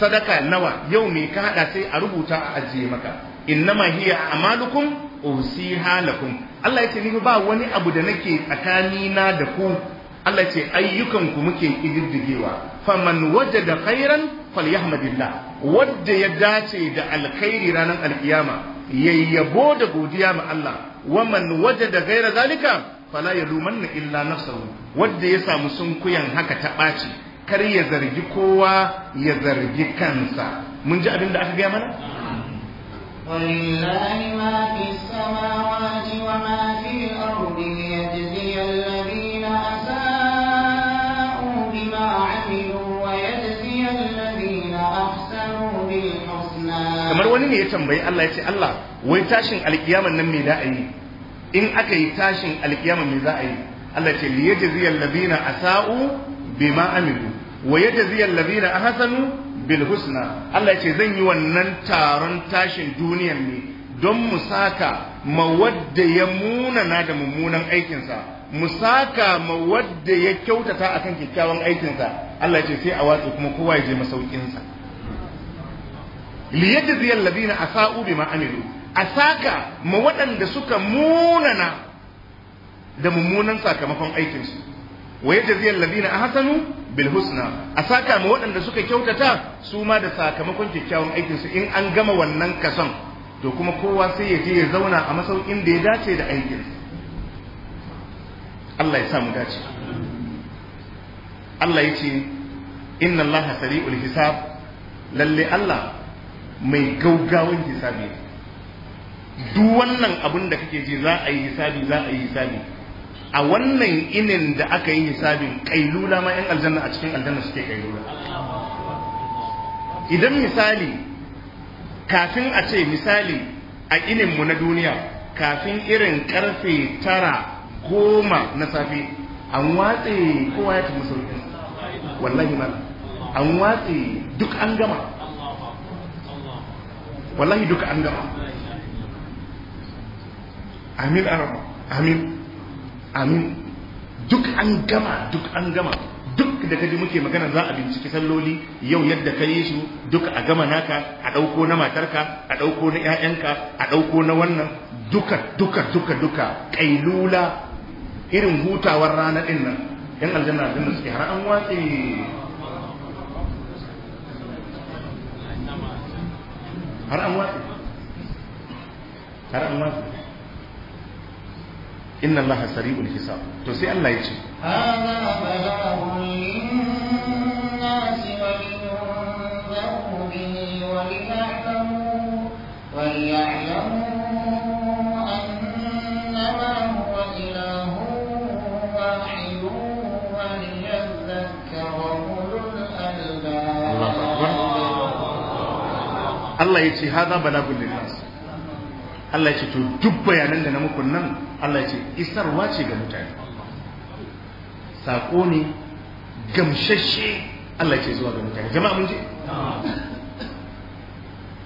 sadaka nawa yau me ka hada sai a rubuta a ajiye maka innama hiya amalukum usiha lakum Allah ya ni ba wani abu da nake tsakani na da ku Allah yace ayyukan ku muke kididdigewa faman wajada khairan falyahmadillah wanda ya dace da alkhairi ranar alkiyama yayyabo da godiya ma Allah waman wajada ghaira zalika fala yalumanna illa nafsahu wanda ya samu sunkuyan haka ta ɓaci kar ya zargi kowa ya zargi kansa mun ji abin da aka gaya mana kamar wani ne ya tambayi Allah ya ce Allah wai tashin alkiyaman nan me za a yi in aka yi tashin alkiyaman me za a yi Allah ce liyajzi alladhina asa'u bima amilu wa yajzi allazina a bil husna Allah ya ce zan yi wannan taron tashin duniyan ne don mu musaka wadda ya munana da mummunan aikinsa musaka wadda ya kyautata akan kyakkyawan aikinsa Allah ya ce sai a watsa kuma kowa ya je masaukinsa liyajzi allazina asa'u bima amilu asaka ma waɗanda suka munana da mummunan sakamakon aikinsu wa yajzi alladhina ahsanu bil husna a saka ma waɗanda suka kyautata su ma da sakamakon kyakkyawan aikin su in an gama wannan kason to kuma kowa sai ya je ya zauna a masaukin da ya dace da aikin Allah ya sa mu dace Allah ya ce inna Allah sari'ul hisab lalle Allah mai gaugawan hisabi duk wannan abun da kake ji za a yi hisabi za a yi hisabi a wannan inin da aka yi hisabin kailula ma yan aljanna a cikin aljanna suke kailula idan misali kafin a ce misali a ininmu na duniya kafin irin karfe tara goma na safe an watse kowa ya tafi sauƙi, wallahi mana an watse duk an gama wallahi duk an gama amin arama amin amin duk an gama duk an gama duk da kaji muke magana za a binciki salloli yau yadda ka yi su duk a gama naka a ɗauko na matarka a ɗauko na ƴaƴanka a ɗauko na wannan duka duka duka duka kailula irin hutawar rana ɗin nan yan aljanna da suke har an watse har an watse har an watse inna Allah sari'ul hisab to sai Allah ya ce Allah ya ce haza bala'un linnasi Allah ya ce to duk bayanan da na muku nan Allah ya ce isarwa ce ga mutane sako ne gamsashe, Allah ya ce zuwa ga mutane jama'a mun je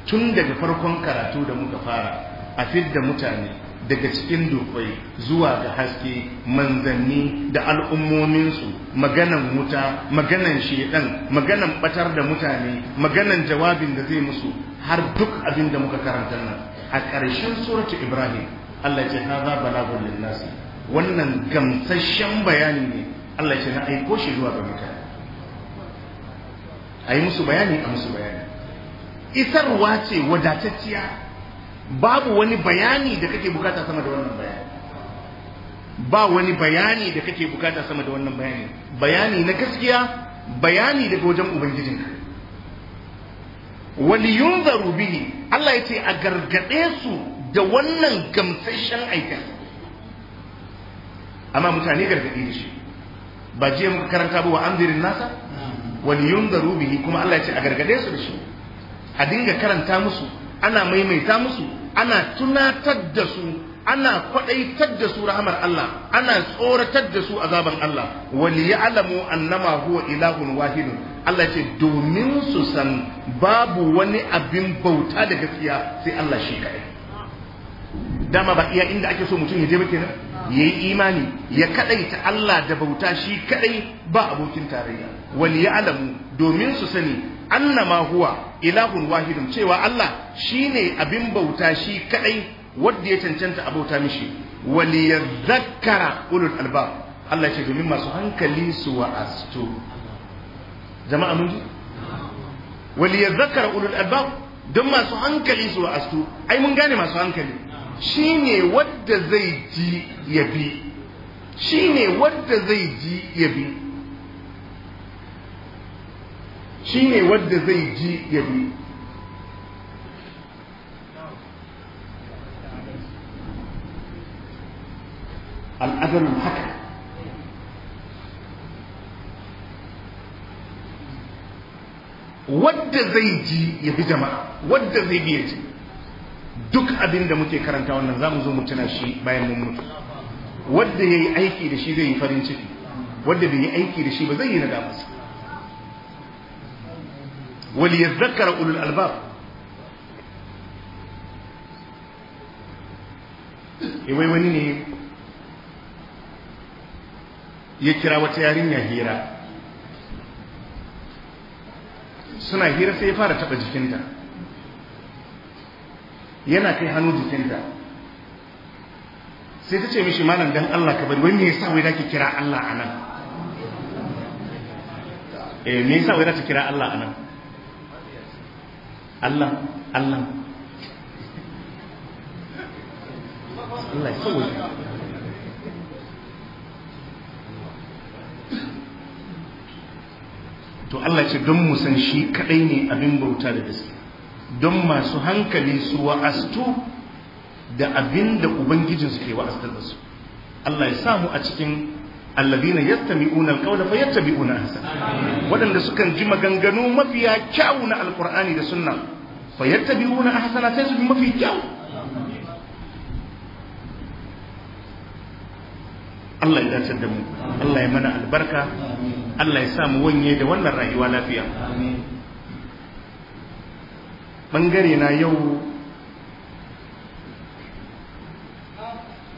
tun daga farkon karatu da muka fara a fidda mutane daga cikin dukwai zuwa ga haske manzanni da al'ummominsu maganan wuta maganan shedan maganan batar da mutane maganan jawabin da zai musu har duk abin da muka karanta nan a ƙarshen suratu ibrahim Allah ce za balagun lin wannan gamsashen bayani ne Allah ce na aiko shi zuwa ga mutane ayi musu bayani a musu bayani isarwa ce wadatacciya babu wani bayani da kake bukata sama da wannan bayani ba wani bayani da kake bukata sama da wannan bayani bayani na gaskiya bayani daga wajen ubangijinka waliyunzaru bihi Allah ya ce a gargaɗe su da wannan gamsashen aikin amma mutane gargaɗe shi ba je muka karanta ba wa amzirin nasa waliyunzaru bihi kuma Allah ya ce a gargaɗe su da shi a dinga karanta musu ana maimaita musu ana tunatar da su ana kwaɗaitar da su rahamar Allah ana tsoratar da su azaban Allah wali ya'lamu annama huwa ilahun wahidun Allah ce domin su san babu wani abin bauta da gaskiya sai Allah shi kai dama ba iya inda ake so mutum ya je ba kenan yayi imani ya kaɗaita Allah da bauta shi kadai ba abokin tarayya wali ya'lamu domin su sani annama huwa ilahun wahidun cewa Allah shine abin bauta shi kadai Wadda ya cancanta abota mishi Wali ya zakara ulul albab Allah ce domin masu hankali su wa'astu jama'a mun ji Wali ya zakara ulul albab don masu hankali su wa'astu ai mun gane masu hankali shine wanda zai ji ya bi shine wanda zai ji ya bi shine wanda zai ji ya bi al'ajalin haka wadda zai ji ya fi jama'a wadda zai bi ya ji duk abin da muke karanta wannan za mu zo mu tuna shi bayan mun mutu wadda ya yi aiki da shi zai yi farin ciki wadda bai yi aiki da shi ba zai yi nadamarsa wali ya zakara ulul albab eh, wai wani ne ya kira wata yarinya hira suna hira sai ya fara taba jikinta yana kai hannu jikinta sai ta ce mishi malam dan Allah ka bari wai me yasa wai zaki kira Allah anan eh me yasa wai zaki kira Allah anan Allah Allah Allah ya to Allah ce don mu san shi kadai ne abin bauta da gaske don masu hankali su wa'astu da abin da ubangijinsu ke wa'astar da su Allah ya samu a cikin alladina yastami'una alqawla fayattabi'una ahsan wadanda sukan ji maganganu mafiya kyawu na alqur'ani da sunna fayattabi'una ahsana sai su bi mafi kyawu Allah ya dace da mu Allah ya mana albarka Allah ya sa mu wanye da wannan rayuwa lafiya bangare na yau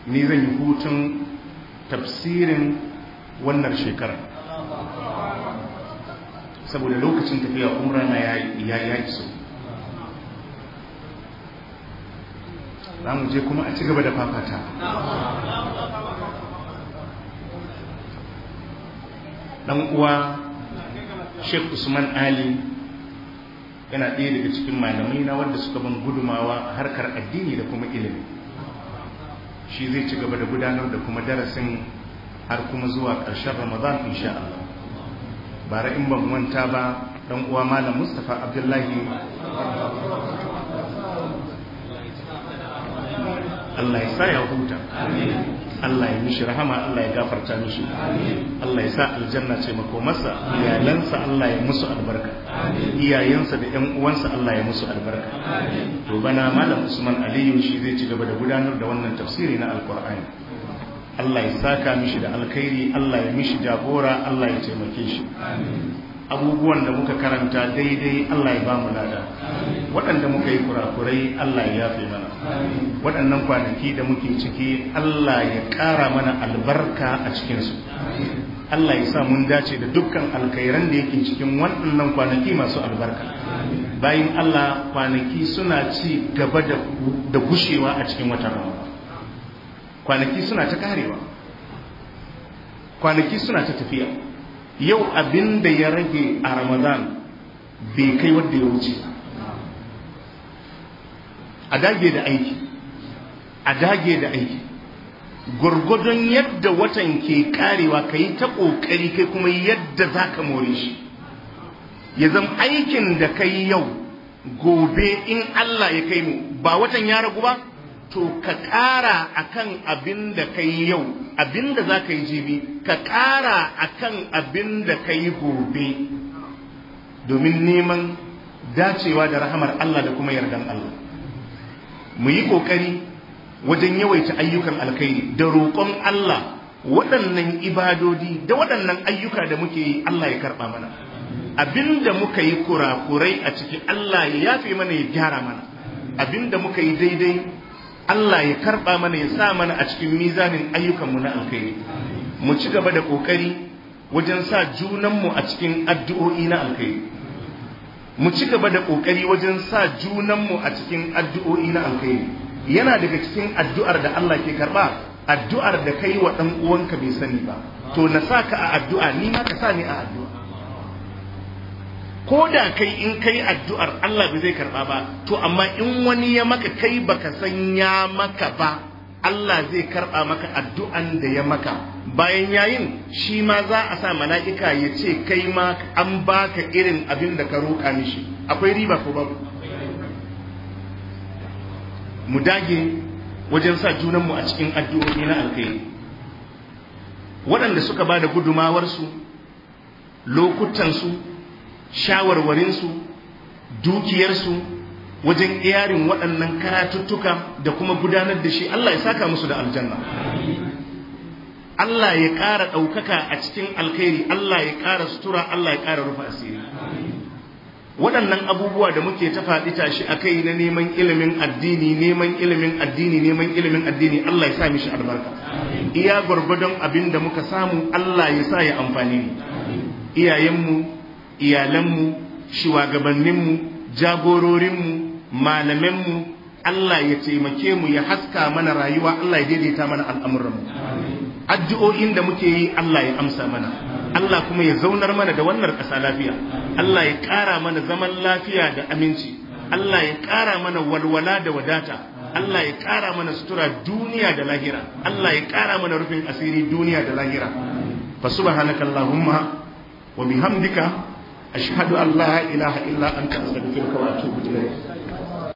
ni zan yi hutun tafsirin wannan shekarar saboda lokacin tafiya umra na ya yi so za mu je kuma a ci gaba da fafata dan uwa Sheikh Usman Ali yana ɗaya daga cikin malamai na wanda suka ban gudumawa harkar addini da kuma ilimi shi zai ci gaba da gudanar da kuma darasin har kuma zuwa ƙarshen Ramadan insha Allah bara in ban manta ba dan uwa malam Mustapha Abdullahi Allah ya sa ya huta amin Allah ya mishi rahama Allah ya gafarta mishi Allah ya sa aljanna ce masa. iyalansa Allah ya musu albarka iyayensa da ƴan uwansa Allah ya musu albarka to bana malam Usman Aliyu shi zai ci gaba da gudanar da wannan tafsiri na Alkur'ani Allah ya saka mishi da alkhairi Allah ya mishi jagora Allah ya taimake shi abubuwan da muka karanta daidai Allah ya ba mu lada waɗanda muka yi kurakurai Allah ya yafe mana waɗannan kwanaki da muke ciki Allah ya ƙara mana albarka a cikinsu Allah ya sa mun dace da dukkan alkhairan da yake cikin waɗannan kwanaki masu albarka bayan Allah kwanaki suna ci gaba da gushewa a cikin watan ramadan kwanaki suna ta karewa kwanaki suna ta tafiya yau abin da ya rage a ramadan bai kai wanda ya wuce ba a dage da aiki a dage da aiki gurgudun yadda watan ke karewa ka yi ta ƙoƙari kai kuma yadda za ka more shi ya zama aikin da ka yi yau gobe in Allah ya kai mu ba watan ya ragu ba to ka ƙara akan abin da ka yi yau abin da za ka yi jibi ka ƙara akan abin da ka yi gobe domin neman dacewa da rahamar Allah da kuma yardan Allah mu yi ƙoƙari wajen yawaita ayyukan alkhairi da roƙon Allah waɗannan ibadodi da waɗannan ayyuka da muke yi Allah ya karɓa mana abinda muka yi kurakurai a ciki Allah ya yafe mana ya gyara mana abinda muka yi daidai Allah ya karɓa mana ya sa mana a cikin mizanin ayyukanmu na alkhairi mu ci gaba da ƙoƙari wajen sa junanmu a cikin addu'o'i na alkhairi mu ci gaba da ƙoƙari wajen sa junanmu a cikin addu'o'i na alkhairi yana daga cikin addu'ar da Allah ke karɓa, addu'ar da kai wa dan uwanka bai sani ba to na saka a addu'a ni ma ka sa ni a addu'a ko da kai in kai addu'ar Allah bai zai karba ba to amma in wani ya maka kai baka san ya maka ba Allah zai karɓa maka addu'an da ya maka bayan yayin shi ma za a sa mala'ika ya ce kai ma an baka irin abin da ka roƙa mishi akwai riba ko ba mu dage wajen sa junanmu a cikin addu'o'i na alkai waɗanda suka ba da gudumawarsu lokutansu shawarwarinsu dukiyarsu wajen yarin waɗannan karatuttuka da kuma gudanar da shi Allah ya saka musu da aljanna Allah ya ƙara ɗaukaka a cikin alkhairi Allah ya ƙara sutura Allah ya ƙara rufa asiri waɗannan abubuwa da muke ta faɗi tashi a kai na neman ilimin addini neman ilimin addini neman ilimin addini Allah ya sa mishi albarka iya gwargwadon abin da muka samu Allah ya sa ya amfani iyayenmu iyalanmu shugabanninmu jagororinmu malamanmu Allah ya taimake mu ya haska mana rayuwa Allah ya daidaita mana al'amuranmu addu'o'in da muke yi Allah ya amsa mana Allah kuma ya zaunar mana da wannan ƙasa lafiya Allah ya ƙara mana zaman lafiya da aminci Allah ya ƙara mana walwala da wadata Allah ya ƙara mana sutura duniya da lahira Allah ya ƙara mana rufin asiri duniya da lahira fa subhanakallahumma wa bihamdika ashhadu an la ilaha illa anta astaghfiruka wa atubu ilayk